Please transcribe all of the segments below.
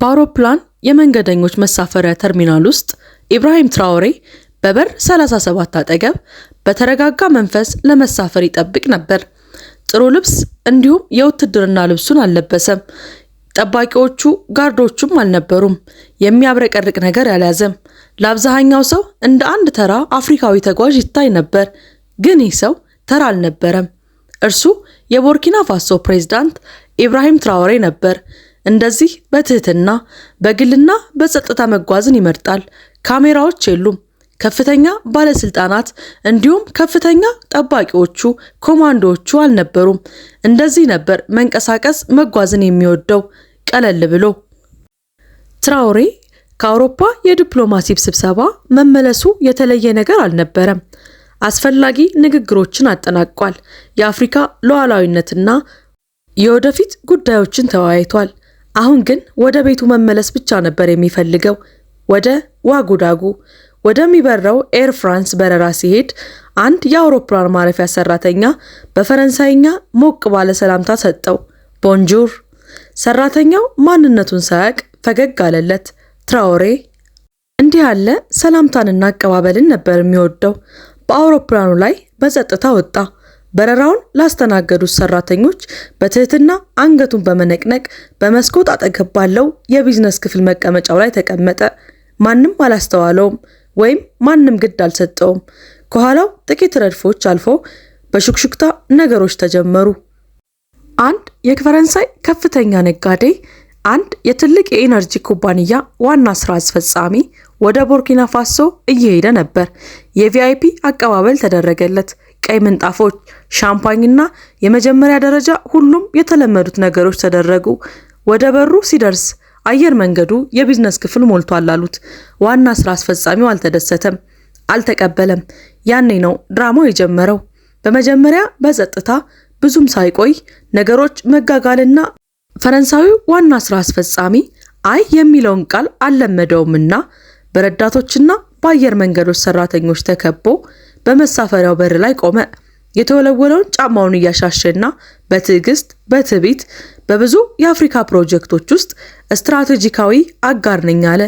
በአውሮፕላን የመንገደኞች መሳፈሪያ ተርሚናል ውስጥ ኢብራሂም ትራውሬ በበር 37 አጠገብ በተረጋጋ መንፈስ ለመሳፈር ይጠብቅ ነበር። ጥሩ ልብስ እንዲሁም የውትድርና ልብሱን አልለበሰም። ጠባቂዎቹ ጋርዶቹም አልነበሩም። የሚያብረቀርቅ ነገር ያልያዘም። ለአብዛኛው ሰው እንደ አንድ ተራ አፍሪካዊ ተጓዥ ይታይ ነበር። ግን ይህ ሰው ተራ አልነበረም። እርሱ የቦርኪና ፋሶ ፕሬዝዳንት ኢብራሂም ትራውሬ ነበር። እንደዚህ በትህትና በግልና በጸጥታ መጓዝን ይመርጣል። ካሜራዎች የሉም። ከፍተኛ ባለስልጣናት እንዲሁም ከፍተኛ ጠባቂዎቹ ኮማንዶዎቹ አልነበሩም። እንደዚህ ነበር መንቀሳቀስ መጓዝን የሚወደው ቀለል ብሎ። ትራውሬ ከአውሮፓ የዲፕሎማሲ ስብሰባ መመለሱ የተለየ ነገር አልነበረም። አስፈላጊ ንግግሮችን አጠናቋል። የአፍሪካ ሉዓላዊነትና የወደፊት ጉዳዮችን ተወያይቷል። አሁን ግን ወደ ቤቱ መመለስ ብቻ ነበር የሚፈልገው። ወደ ዋጉዳጉ ወደሚበረው ኤር ፍራንስ በረራ ሲሄድ አንድ የአውሮፕላን ማረፊያ ሰራተኛ በፈረንሳይኛ ሞቅ ባለ ሰላምታ ሰጠው፣ ቦንጆር። ሰራተኛው ማንነቱን ሳያቅ ፈገግ አለለት፣ ትራውሬ እንዲህ ያለ ሰላምታንና አቀባበልን ነበር የሚወደው። በአውሮፕላኑ ላይ በጸጥታ ወጣ። በረራውን ላስተናገዱት ሰራተኞች በትህትና አንገቱን በመነቅነቅ በመስኮት አጠገብ ባለው የቢዝነስ ክፍል መቀመጫው ላይ ተቀመጠ። ማንም አላስተዋለውም ወይም ማንም ግድ አልሰጠውም። ከኋላው ጥቂት ረድፎች አልፎ በሹክሹክታ ነገሮች ተጀመሩ። አንድ የፈረንሳይ ከፍተኛ ነጋዴ፣ አንድ የትልቅ የኢነርጂ ኩባንያ ዋና ስራ አስፈጻሚ ወደ ቡርኪና ፋሶ እየሄደ ነበር። የቪአይፒ አቀባበል ተደረገለት። ቀይ ምንጣፎች፣ ሻምፓኝና የመጀመሪያ ደረጃ ሁሉም የተለመዱት ነገሮች ተደረጉ። ወደ በሩ ሲደርስ አየር መንገዱ የቢዝነስ ክፍል ሞልቷል አሉት። ዋና ስራ አስፈጻሚው አልተደሰተም፣ አልተቀበለም። ያኔ ነው ድራማው የጀመረው። በመጀመሪያ በጸጥታ ብዙም ሳይቆይ ነገሮች መጋጋልና ፈረንሳዊው ዋና ስራ አስፈጻሚ አይ የሚለውን ቃል አልለመደውምና በረዳቶችና በአየር መንገዶች ሰራተኞች ተከቦ በመሳፈሪያው በር ላይ ቆመ። የተወለወለውን ጫማውን እያሻሸና በትዕግስት በትዕቢት በብዙ የአፍሪካ ፕሮጀክቶች ውስጥ ስትራቴጂካዊ አጋር ነኝ አለ።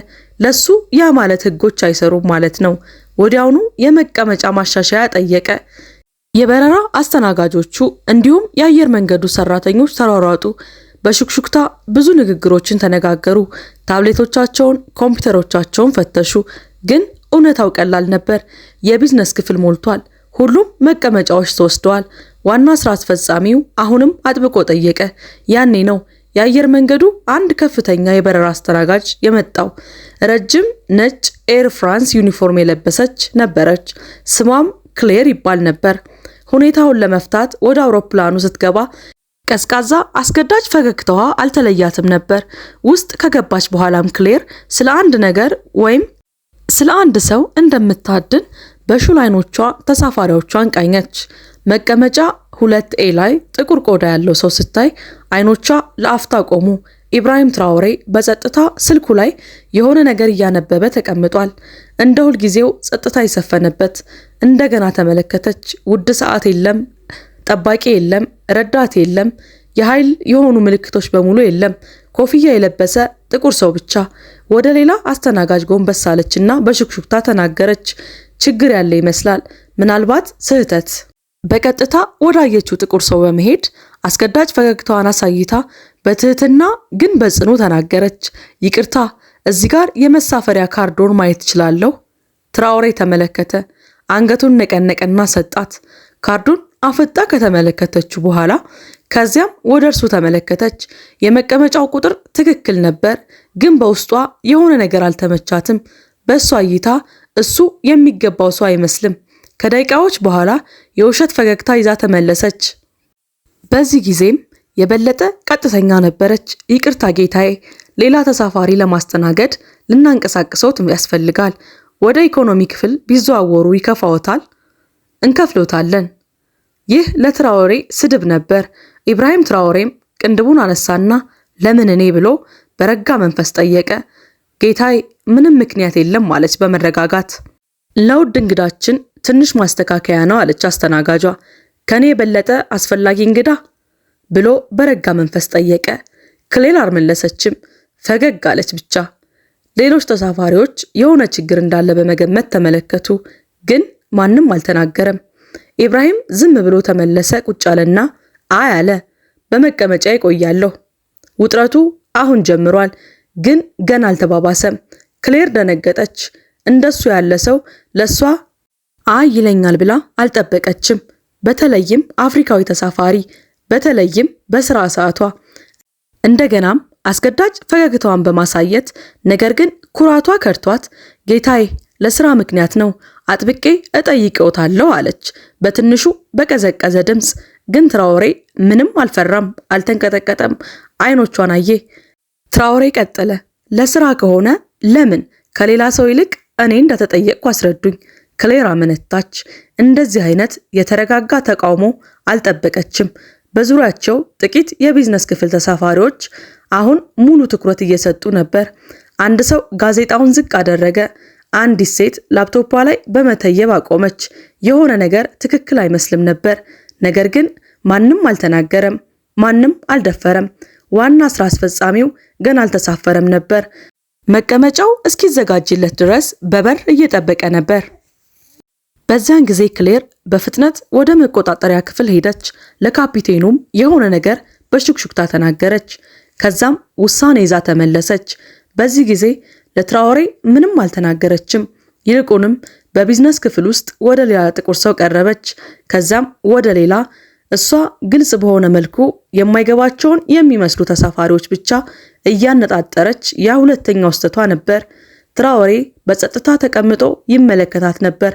ለሱ ያ ማለት ህጎች አይሰሩም ማለት ነው። ወዲያውኑ የመቀመጫ ማሻሻያ ጠየቀ። የበረራ አስተናጋጆቹ እንዲሁም የአየር መንገዱ ሰራተኞች ተሯሯጡ። በሹክሹክታ ብዙ ንግግሮችን ተነጋገሩ። ታብሌቶቻቸውን፣ ኮምፒውተሮቻቸውን ፈተሹ። ግን እውነታው ቀላል ነበር። የቢዝነስ ክፍል ሞልቷል። ሁሉም መቀመጫዎች ተወስደዋል። ዋና ስራ አስፈጻሚው አሁንም አጥብቆ ጠየቀ። ያኔ ነው የአየር መንገዱ አንድ ከፍተኛ የበረራ አስተናጋጅ የመጣው። ረጅም ነጭ ኤር ፍራንስ ዩኒፎርም የለበሰች ነበረች። ስሟም ክሌር ይባል ነበር። ሁኔታውን ለመፍታት ወደ አውሮፕላኑ ስትገባ ቀዝቃዛ አስገዳጅ ፈገግታዋ አልተለያትም ነበር። ውስጥ ከገባች በኋላም ክሌር ስለ አንድ ነገር ወይም ስለ አንድ ሰው እንደምታድን በሹል አይኖቿ ተሳፋሪዎቿን ቃኘች። መቀመጫ ሁለት ኤ ላይ ጥቁር ቆዳ ያለው ሰው ስታይ አይኖቿ ለአፍታ ቆሙ። ኢብራሂም ትራውሬ በጸጥታ ስልኩ ላይ የሆነ ነገር እያነበበ ተቀምጧል። እንደ ሁልጊዜው ጸጥታ የሰፈነበት። እንደገና ተመለከተች። ውድ ሰዓት የለም፣ ጠባቂ የለም፣ ረዳት የለም፣ የኃይል የሆኑ ምልክቶች በሙሉ የለም። ኮፍያ የለበሰ ጥቁር ሰው ብቻ። ወደ ሌላ አስተናጋጅ ጎንበስ አለችና በሹክሹክታ ተናገረች። ችግር ያለ ይመስላል። ምናልባት ስህተት። በቀጥታ ወዳየችው ጥቁር ሰው በመሄድ አስገዳጅ ፈገግታዋን አሳይታ በትህትና ግን በጽኑ ተናገረች። ይቅርታ፣ እዚህ ጋር የመሳፈሪያ ካርዶን ማየት እችላለሁ? ትራውሬ ተመለከተ። አንገቱን ነቀነቀና ሰጣት። ካርዱን አፈጣ ከተመለከተችው በኋላ ከዚያም ወደ እርሱ ተመለከተች። የመቀመጫው ቁጥር ትክክል ነበር። ግን በውስጧ የሆነ ነገር አልተመቻትም። በእሷ እይታ እሱ የሚገባው ሰው አይመስልም። ከደቂቃዎች በኋላ የውሸት ፈገግታ ይዛ ተመለሰች። በዚህ ጊዜም የበለጠ ቀጥተኛ ነበረች። ይቅርታ ጌታዬ፣ ሌላ ተሳፋሪ ለማስተናገድ ልናንቀሳቅሰውት ያስፈልጋል። ወደ ኢኮኖሚ ክፍል ቢዘዋወሩ ይከፋዎታል? እንከፍሎታለን። ይህ ለትራዎሬ ስድብ ነበር። ኢብራሂም ትራዎሬም ቅንድቡን አነሳና ለምን እኔ ብሎ በረጋ መንፈስ ጠየቀ። ጌታይ ምንም ምክንያት የለም አለች በመረጋጋት። ለውድ እንግዳችን ትንሽ ማስተካከያ ነው አለች አስተናጋጇ። ከኔ የበለጠ አስፈላጊ እንግዳ ብሎ በረጋ መንፈስ ጠየቀ። ክሌል አልመለሰችም፣ ፈገግ አለች ብቻ። ሌሎች ተሳፋሪዎች የሆነ ችግር እንዳለ በመገመት ተመለከቱ፣ ግን ማንም አልተናገረም። ኢብራሂም ዝም ብሎ ተመለሰ። ቁጭ አለና አይ አለ በመቀመጫ ይቆያለሁ። ውጥረቱ አሁን ጀምሯል፣ ግን ገና አልተባባሰም። ክሌር ደነገጠች። እንደሱ ያለ ሰው ለሷ አይ ይለኛል ብላ አልጠበቀችም። በተለይም አፍሪካዊ ተሳፋሪ፣ በተለይም በስራ ሰዓቷ። እንደገናም አስገዳጅ ፈገግታዋን በማሳየት ነገር ግን ኩራቷ ከርቷት ጌታዬ ለስራ ምክንያት ነው አጥብቄ እጠይቅዎታለሁ አለች። በትንሹ በቀዘቀዘ ድምፅ ግን ትራውሬ ምንም አልፈራም፣ አልተንቀጠቀጠም። አይኖቿን አየ። ትራውሬ ቀጠለ። ለስራ ከሆነ ለምን ከሌላ ሰው ይልቅ እኔ እንደተጠየቅኩ አስረዱኝ። ክሌር አመነታች። እንደዚህ አይነት የተረጋጋ ተቃውሞ አልጠበቀችም። በዙሪያቸው ጥቂት የቢዝነስ ክፍል ተሳፋሪዎች አሁን ሙሉ ትኩረት እየሰጡ ነበር። አንድ ሰው ጋዜጣውን ዝቅ አደረገ። አንዲት ሴት ላፕቶፓ ላይ በመተየብ አቆመች። የሆነ ነገር ትክክል አይመስልም ነበር። ነገር ግን ማንም አልተናገረም፣ ማንም አልደፈረም። ዋና ስራ አስፈጻሚው ገና አልተሳፈረም ነበር። መቀመጫው እስኪዘጋጅለት ድረስ በበር እየጠበቀ ነበር። በዚያን ጊዜ ክሌር በፍጥነት ወደ መቆጣጠሪያ ክፍል ሄደች። ለካፒቴኑም የሆነ ነገር በሹክሹክታ ተናገረች። ከዛም ውሳኔ ይዛ ተመለሰች። በዚህ ጊዜ ለትራዎሬ ምንም አልተናገረችም። ይልቁንም በቢዝነስ ክፍል ውስጥ ወደ ሌላ ጥቁር ሰው ቀረበች። ከዛም ወደ ሌላ እሷ ግልጽ በሆነ መልኩ የማይገባቸውን የሚመስሉ ተሳፋሪዎች ብቻ እያነጣጠረች ያ ሁለተኛው ስህተቷ ነበር። ትራወሬ በጸጥታ ተቀምጦ ይመለከታት ነበር።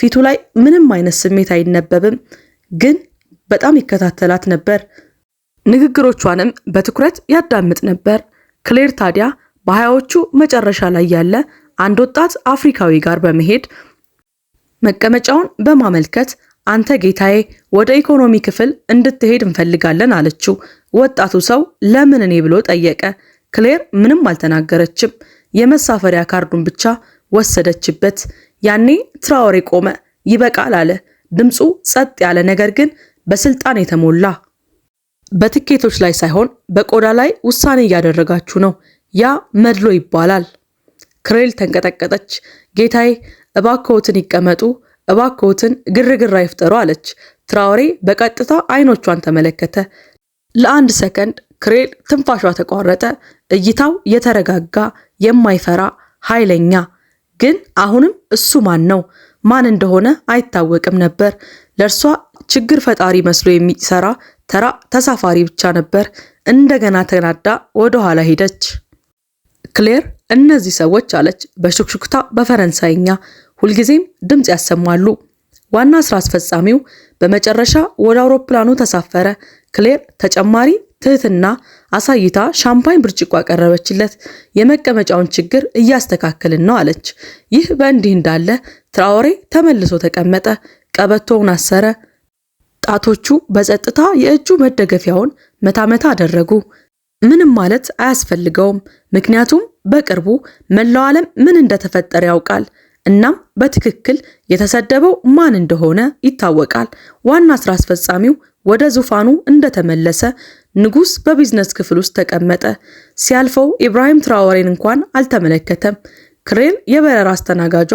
ፊቱ ላይ ምንም አይነት ስሜት አይነበብም፣ ግን በጣም ይከታተላት ነበር። ንግግሮቿንም በትኩረት ያዳምጥ ነበር። ክሌር ታዲያ በሀያዎቹ መጨረሻ ላይ ያለ አንድ ወጣት አፍሪካዊ ጋር በመሄድ መቀመጫውን በማመልከት አንተ ጌታዬ ወደ ኢኮኖሚ ክፍል እንድትሄድ እንፈልጋለን አለችው። ወጣቱ ሰው ለምን እኔ ብሎ ጠየቀ። ክሌር ምንም አልተናገረችም። የመሳፈሪያ ካርዱን ብቻ ወሰደችበት። ያኔ ትራወሬ ቆመ። ይበቃል አለ። ድምፁ ጸጥ ያለ ነገር ግን በስልጣን የተሞላ በትኬቶች ላይ ሳይሆን በቆዳ ላይ ውሳኔ እያደረጋችሁ ነው። ያ መድሎ ይባላል። ክሬል ተንቀጠቀጠች። ጌታዬ እባክዎትን ይቀመጡ እባክዎትን ግርግር አይፍጠሩ አለች። ትራውሬ በቀጥታ አይኖቿን ተመለከተ። ለአንድ ሰከንድ ክሬል ትንፋሿ ተቋረጠ። እይታው የተረጋጋ፣ የማይፈራ ኃይለኛ፣ ግን አሁንም እሱ ማን ነው ማን እንደሆነ አይታወቅም ነበር። ለእርሷ ችግር ፈጣሪ መስሎ የሚሰራ ተራ ተሳፋሪ ብቻ ነበር። እንደገና ተናዳ ወደ ኋላ ሄደች። ክሌር፣ እነዚህ ሰዎች አለች በሹክሹክታ በፈረንሳይኛ ሁልጊዜም ድምፅ ያሰማሉ። ዋና ስራ አስፈጻሚው በመጨረሻ ወደ አውሮፕላኑ ተሳፈረ። ክሌር ተጨማሪ ትህትና አሳይታ ሻምፓኝ ብርጭቆ ያቀረበችለት የመቀመጫውን ችግር እያስተካከልን ነው አለች። ይህ በእንዲህ እንዳለ ትራኦሬ ተመልሶ ተቀመጠ። ቀበቶውን አሰረ። ጣቶቹ በጸጥታ የእጁ መደገፊያውን መታመታ አደረጉ። ምንም ማለት አያስፈልገውም፣ ምክንያቱም በቅርቡ መላው ዓለም ምን እንደተፈጠረ ያውቃል። እናም በትክክል የተሰደበው ማን እንደሆነ ይታወቃል። ዋና ስራ አስፈጻሚው ወደ ዙፋኑ እንደተመለሰ ንጉስ በቢዝነስ ክፍል ውስጥ ተቀመጠ። ሲያልፈው ኢብራሂም ትራወሬን እንኳን አልተመለከተም። ክሬን የበረራ አስተናጋጇ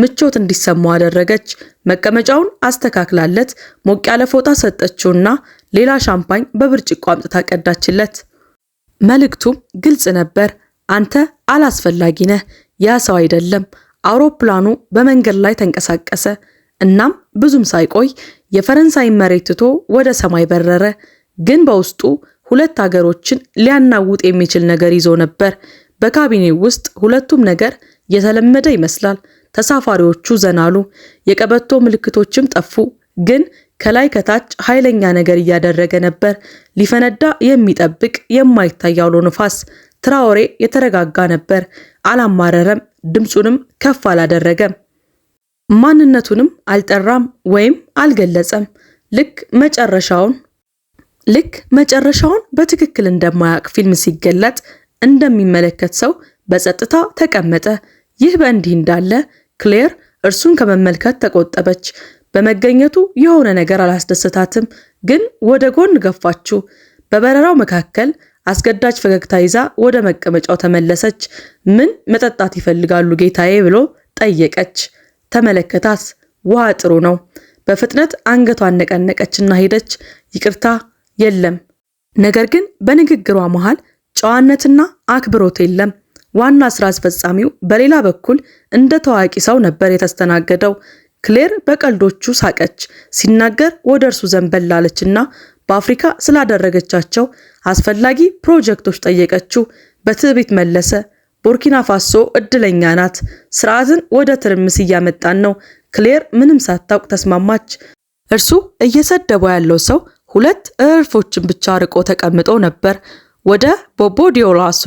ምቾት እንዲሰማው አደረገች። መቀመጫውን አስተካክላለት ሞቅ ያለ ፎጣ ሰጠችውና ሌላ ሻምፓኝ በብርጭቆ አምጥታ ቀዳችለት። መልእክቱም ግልጽ ነበር። አንተ አላስፈላጊ ነህ፣ ያ ሰው አይደለም። አውሮፕላኑ በመንገድ ላይ ተንቀሳቀሰ። እናም ብዙም ሳይቆይ የፈረንሳይን መሬት ትቶ ወደ ሰማይ በረረ። ግን በውስጡ ሁለት ሀገሮችን ሊያናውጥ የሚችል ነገር ይዞ ነበር። በካቢኔው ውስጥ ሁለቱም ነገር የተለመደ ይመስላል። ተሳፋሪዎቹ ዘናሉ፣ የቀበቶ ምልክቶችም ጠፉ። ግን ከላይ ከታች ኃይለኛ ነገር እያደረገ ነበር። ሊፈነዳ የሚጠብቅ የማይታይ አውሎ ንፋስ። ትራውሬ የተረጋጋ ነበር፣ አላማረረም። ድምፁንም ከፍ አላደረገም። ማንነቱንም አልጠራም ወይም አልገለጸም። ልክ መጨረሻውን ልክ መጨረሻውን በትክክል እንደማያውቅ ፊልም ሲገለጥ እንደሚመለከት ሰው በጸጥታ ተቀመጠ። ይህ በእንዲህ እንዳለ ክሌር እርሱን ከመመልከት ተቆጠበች። በመገኘቱ የሆነ ነገር አላስደሰታትም፣ ግን ወደ ጎን ገፋችው። በበረራው መካከል አስገዳጅ ፈገግታ ይዛ ወደ መቀመጫው ተመለሰች። ምን መጠጣት ይፈልጋሉ ጌታዬ ብሎ ጠየቀች። ተመለከታት። ውሃ ጥሩ ነው። በፍጥነት አንገቷን ነቀነቀችና ሄደች። ይቅርታ የለም። ነገር ግን በንግግሯ መሃል ጨዋነትና አክብሮት የለም። ዋና ስራ አስፈጻሚው በሌላ በኩል እንደ ታዋቂ ሰው ነበር የተስተናገደው። ክሌር በቀልዶቹ ሳቀች። ሲናገር ወደ እርሱ ዘንበል አለችና በአፍሪካ ስላደረገቻቸው አስፈላጊ ፕሮጀክቶች ጠየቀችው። በትዕቢት መለሰ። ቡርኪና ፋሶ እድለኛ ናት፣ ስርዓትን ወደ ትርምስ እያመጣን ነው። ክሌር ምንም ሳታውቅ ተስማማች። እርሱ እየሰደበው ያለው ሰው ሁለት እርፎችን ብቻ ርቆ ተቀምጦ ነበር። ወደ ቦቦ ዲዮላሶ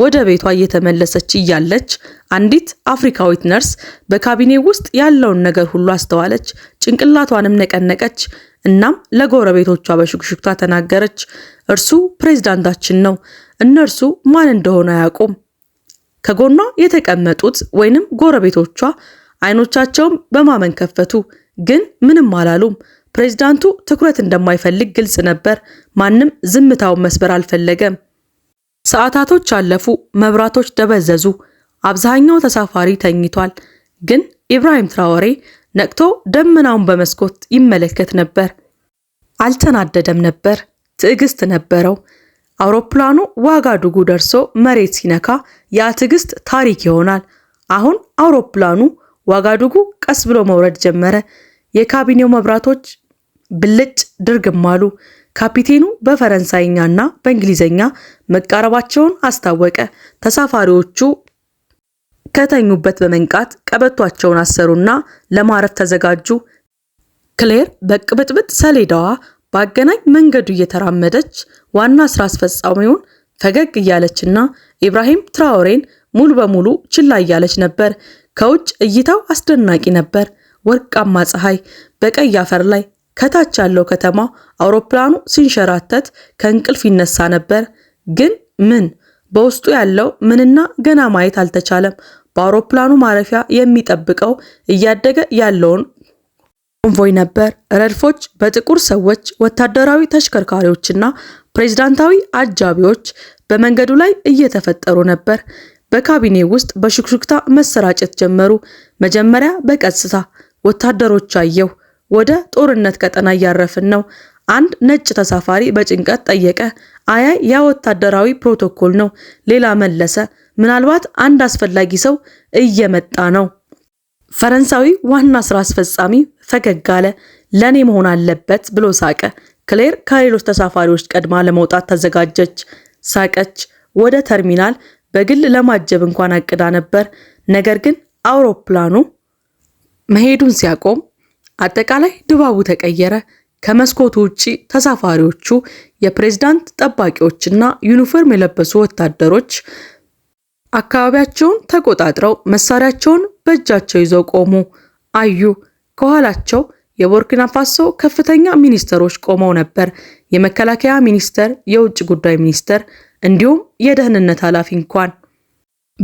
ወደ ቤቷ እየተመለሰች እያለች አንዲት አፍሪካዊት ነርስ በካቢኔ ውስጥ ያለውን ነገር ሁሉ አስተዋለች፣ ጭንቅላቷንም ነቀነቀች። እናም ለጎረቤቶቿ በሹክሹክታ ተናገረች፣ እርሱ ፕሬዝዳንታችን ነው፣ እነርሱ ማን እንደሆነ አያውቁም። ከጎኗ የተቀመጡት ወይንም ጎረቤቶቿ አይኖቻቸውን በማመን ከፈቱ፣ ግን ምንም አላሉም። ፕሬዚዳንቱ ትኩረት እንደማይፈልግ ግልጽ ነበር። ማንም ዝምታውን መስበር አልፈለገም። ሰዓታቶች አለፉ። መብራቶች ደበዘዙ። አብዛኛው ተሳፋሪ ተኝቷል። ግን ኢብራሂም ትራወሬ ነቅቶ ደመናውን በመስኮት ይመለከት ነበር። አልተናደደም ነበር፣ ትዕግስት ነበረው። አውሮፕላኑ ዋጋ ዱጉ ደርሶ መሬት ሲነካ ያ ትዕግስት ታሪክ ይሆናል። አሁን አውሮፕላኑ ዋጋ ዱጉ ቀስ ብሎ መውረድ ጀመረ። የካቢኔው መብራቶች ብልጭ ድርግም አሉ። ካፒቴኑ በፈረንሳይኛና በእንግሊዝኛ መቃረባቸውን አስታወቀ። ተሳፋሪዎቹ ከተኙበት በመንቃት ቀበቷቸውን አሰሩና ለማረፍ ተዘጋጁ። ክሌር በቅብጥብጥ ሰሌዳዋ በአገናኝ መንገዱ እየተራመደች ዋና ስራ አስፈጻሚውን ፈገግ እያለችና ኢብራሂም ትራውሬን ሙሉ በሙሉ ችላ እያለች ነበር። ከውጭ እይታው አስደናቂ ነበር። ወርቃማ ፀሐይ በቀይ አፈር ላይ ከታች ያለው ከተማ አውሮፕላኑ ሲንሸራተት ከእንቅልፍ ይነሳ ነበር። ግን ምን በውስጡ ያለው ምንና ገና ማየት አልተቻለም። በአውሮፕላኑ ማረፊያ የሚጠብቀው እያደገ ያለውን ኮንቮይ ነበር። ረድፎች በጥቁር ሰዎች፣ ወታደራዊ ተሽከርካሪዎችና ፕሬዝዳንታዊ አጃቢዎች በመንገዱ ላይ እየተፈጠሩ ነበር። በካቢኔ ውስጥ በሹክሹክታ መሰራጨት ጀመሩ። መጀመሪያ በቀጽታ ወታደሮች አየሁ። ወደ ጦርነት ቀጠና እያረፍን ነው። አንድ ነጭ ተሳፋሪ በጭንቀት ጠየቀ። አያይ ያ ወታደራዊ ፕሮቶኮል ነው፣ ሌላ መለሰ። ምናልባት አንድ አስፈላጊ ሰው እየመጣ ነው። ፈረንሳዊ ዋና ስራ አስፈጻሚ ፈገግ አለ። ለእኔ መሆን አለበት ብሎ ሳቀ። ክሌር ከሌሎች ተሳፋሪዎች ቀድማ ለመውጣት ተዘጋጀች። ሳቀች። ወደ ተርሚናል በግል ለማጀብ እንኳን አቅዳ ነበር። ነገር ግን አውሮፕላኑ መሄዱን ሲያቆም አጠቃላይ ድባቡ ተቀየረ። ከመስኮቱ ውጪ ተሳፋሪዎቹ የፕሬዝዳንት ጠባቂዎችና ዩኒፎርም የለበሱ ወታደሮች አካባቢያቸውን ተቆጣጥረው መሳሪያቸውን በእጃቸው ይዘው ቆሙ። አዩ ከኋላቸው የቡርኪና ፋሶ ከፍተኛ ሚኒስተሮች ቆመው ነበር። የመከላከያ ሚኒስተር፣ የውጭ ጉዳይ ሚኒስተር እንዲሁም የደህንነት ኃላፊ እንኳን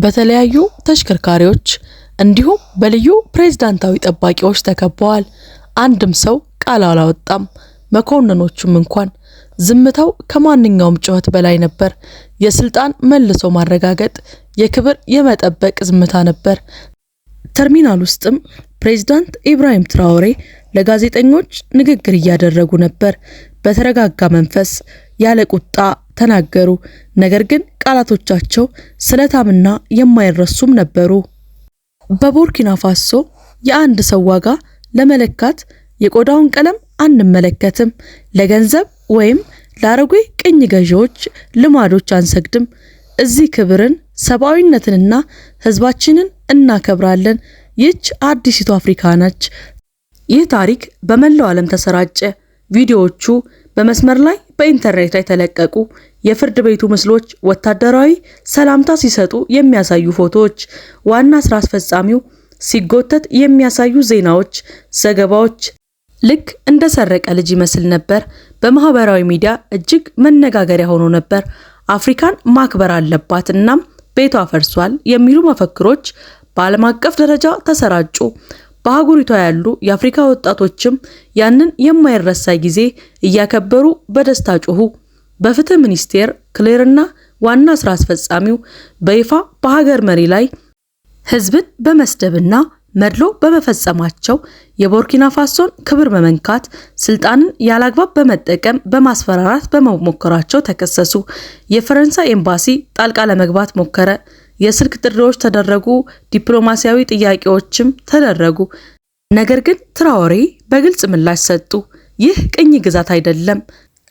በተለያዩ ተሽከርካሪዎች እንዲሁም በልዩ ፕሬዝዳንታዊ ጠባቂዎች ተከበዋል። አንድም ሰው ቃል አላወጣም። መኮንኖቹም እንኳን ዝምታው ከማንኛውም ጩኸት በላይ ነበር። የስልጣን መልሶ ማረጋገጥ፣ የክብር የመጠበቅ ዝምታ ነበር። ተርሚናል ውስጥም ፕሬዝዳንት ኢብራሂም ትራኦሬ ለጋዜጠኞች ንግግር እያደረጉ ነበር። በተረጋጋ መንፈስ ያለ ቁጣ ተናገሩ። ነገር ግን ቃላቶቻቸው ስለታምና የማይረሱም ነበሩ። በቡርኪና ፋሶ የአንድ ሰው ዋጋ ለመለካት የቆዳውን ቀለም አንመለከትም። ለገንዘብ ወይም ለአረጉ ቅኝ ገዢዎች ልማዶች አንሰግድም። እዚህ ክብርን፣ ሰብአዊነትንና ህዝባችንን እናከብራለን። ይህች አዲሲቱ አፍሪካ ነች። ይህ ታሪክ በመላው ዓለም ተሰራጨ። ቪዲዮዎቹ በመስመር ላይ በኢንተርኔት ላይ ተለቀቁ። የፍርድ ቤቱ ምስሎች ወታደራዊ ሰላምታ ሲሰጡ የሚያሳዩ ፎቶዎች፣ ዋና ስራ አስፈጻሚው ሲጎተት የሚያሳዩ ዜናዎች፣ ዘገባዎች ልክ እንደ ሰረቀ ልጅ ይመስል ነበር። በማህበራዊ ሚዲያ እጅግ መነጋገሪያ ሆኖ ነበር። አፍሪካን ማክበር አለባት እናም ቤቷ ፈርሷል የሚሉ መፈክሮች በዓለም አቀፍ ደረጃ ተሰራጩ። በአህጉሪቷ ያሉ የአፍሪካ ወጣቶችም ያንን የማይረሳ ጊዜ እያከበሩ በደስታ ጩሁ በፍትህ ሚኒስቴር ክሌርና ዋና ስራ አስፈጻሚው በይፋ በሀገር መሪ ላይ ህዝብን በመስደብና መድሎ በመፈጸማቸው የቦርኪና ፋሶን ክብር በመንካት ስልጣንን ያላግባብ በመጠቀም በማስፈራራት በመሞከራቸው ተከሰሱ። የፈረንሳይ ኤምባሲ ጣልቃ ለመግባት ሞከረ። የስልክ ጥሪዎች ተደረጉ፣ ዲፕሎማሲያዊ ጥያቄዎችም ተደረጉ። ነገር ግን ትራዎሬ በግልጽ ምላሽ ሰጡ። ይህ ቅኝ ግዛት አይደለም፣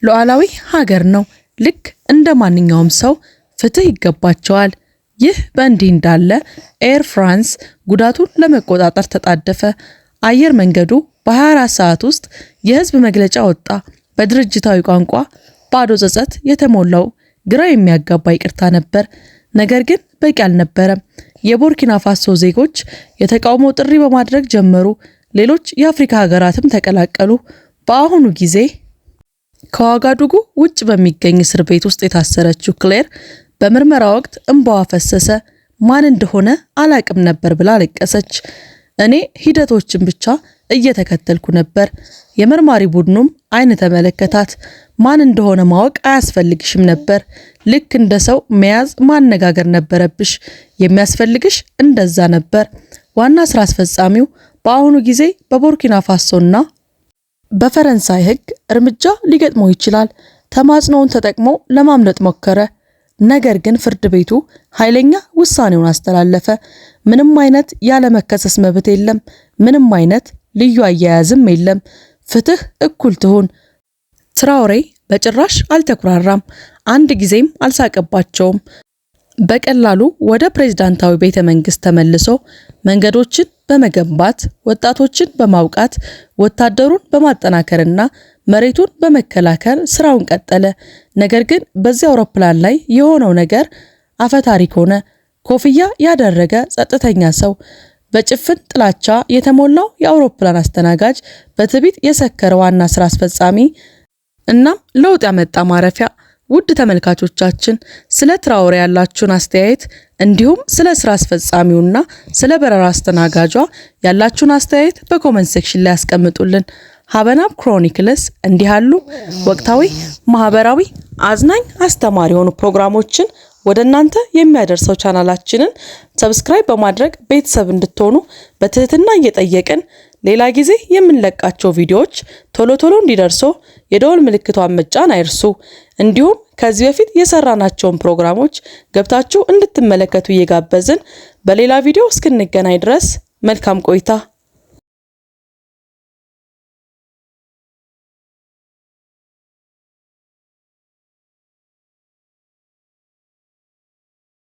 ሉዓላዊ ሀገር ነው። ልክ እንደ ማንኛውም ሰው ፍትህ ይገባቸዋል። ይህ በእንዲህ እንዳለ ኤር ፍራንስ ጉዳቱን ለመቆጣጠር ተጣደፈ። አየር መንገዱ በ24 ሰዓት ውስጥ የህዝብ መግለጫ ወጣ። በድርጅታዊ ቋንቋ ባዶ ጸጸት የተሞላው ግራ የሚያጋባ ይቅርታ ነበር። ነገር ግን በቂ አልነበረም። የቡርኪና ፋሶ ዜጎች የተቃውሞ ጥሪ በማድረግ ጀመሩ። ሌሎች የአፍሪካ ሀገራትም ተቀላቀሉ። በአሁኑ ጊዜ ከዋጋዱጉ ውጭ በሚገኝ እስር ቤት ውስጥ የታሰረችው ክሌር በምርመራ ወቅት እንባዋ ፈሰሰ። ማን እንደሆነ አላቅም ነበር ብላ አለቀሰች። እኔ ሂደቶችን ብቻ እየተከተልኩ ነበር። የመርማሪ ቡድኑም አይን ተመለከታት። ማን እንደሆነ ማወቅ አያስፈልግሽም ነበር። ልክ እንደ ሰው መያዝ፣ ማነጋገር ነበረብሽ። የሚያስፈልግሽ እንደዛ ነበር። ዋና ስራ አስፈጻሚው በአሁኑ ጊዜ በቡርኪና ፋሶና በፈረንሳይ ሕግ እርምጃ ሊገጥመው ይችላል። ተማጽኖውን ተጠቅሞ ለማምለጥ ሞከረ። ነገር ግን ፍርድ ቤቱ ኃይለኛ ውሳኔውን አስተላለፈ። ምንም አይነት ያለመከሰስ መብት የለም። ምንም አይነት ልዩ አያያዝም የለም። ፍትህ እኩል ትሁን። ትራውሬ በጭራሽ አልተኩራራም። አንድ ጊዜም አልሳቀባቸውም። በቀላሉ ወደ ፕሬዝዳንታዊ ቤተ መንግስት ተመልሶ መንገዶችን በመገንባት ወጣቶችን በማውቃት ወታደሩን በማጠናከርና መሬቱን በመከላከል ስራውን ቀጠለ። ነገር ግን በዚህ አውሮፕላን ላይ የሆነው ነገር አፈታሪክ ሆነ። ኮፍያ ያደረገ ጸጥተኛ ሰው፣ በጭፍን ጥላቻ የተሞላው የአውሮፕላን አስተናጋጅ፣ በትዕቢት የሰከረ ዋና ስራ አስፈጻሚ እናም ለውጥ ያመጣ ማረፊያ ውድ ተመልካቾቻችን ስለ ትራኦሬ ያላችሁን አስተያየት እንዲሁም ስለ ስራ አስፈጻሚውና ስለ በረራ አስተናጋጇ ያላችሁን አስተያየት በኮመንት ሴክሽን ላይ ያስቀምጡልን። ሀበናብ ክሮኒክልስ እንዲህ ያሉ ወቅታዊ፣ ማህበራዊ፣ አዝናኝ፣ አስተማሪ የሆኑ ፕሮግራሞችን ወደ እናንተ የሚያደርሰው ቻናላችንን ሰብስክራይብ በማድረግ ቤተሰብ እንድትሆኑ በትህትና እየጠየቅን ሌላ ጊዜ የምንለቃቸው ቪዲዮዎች ቶሎ ቶሎ እንዲደርሶ የደወል ምልክቷን መጫን አይርሱ። እንዲሁም ከዚህ በፊት የሰራናቸውን ፕሮግራሞች ገብታችሁ እንድትመለከቱ እየጋበዝን በሌላ ቪዲዮ እስክንገናኝ ድረስ መልካም ቆይታ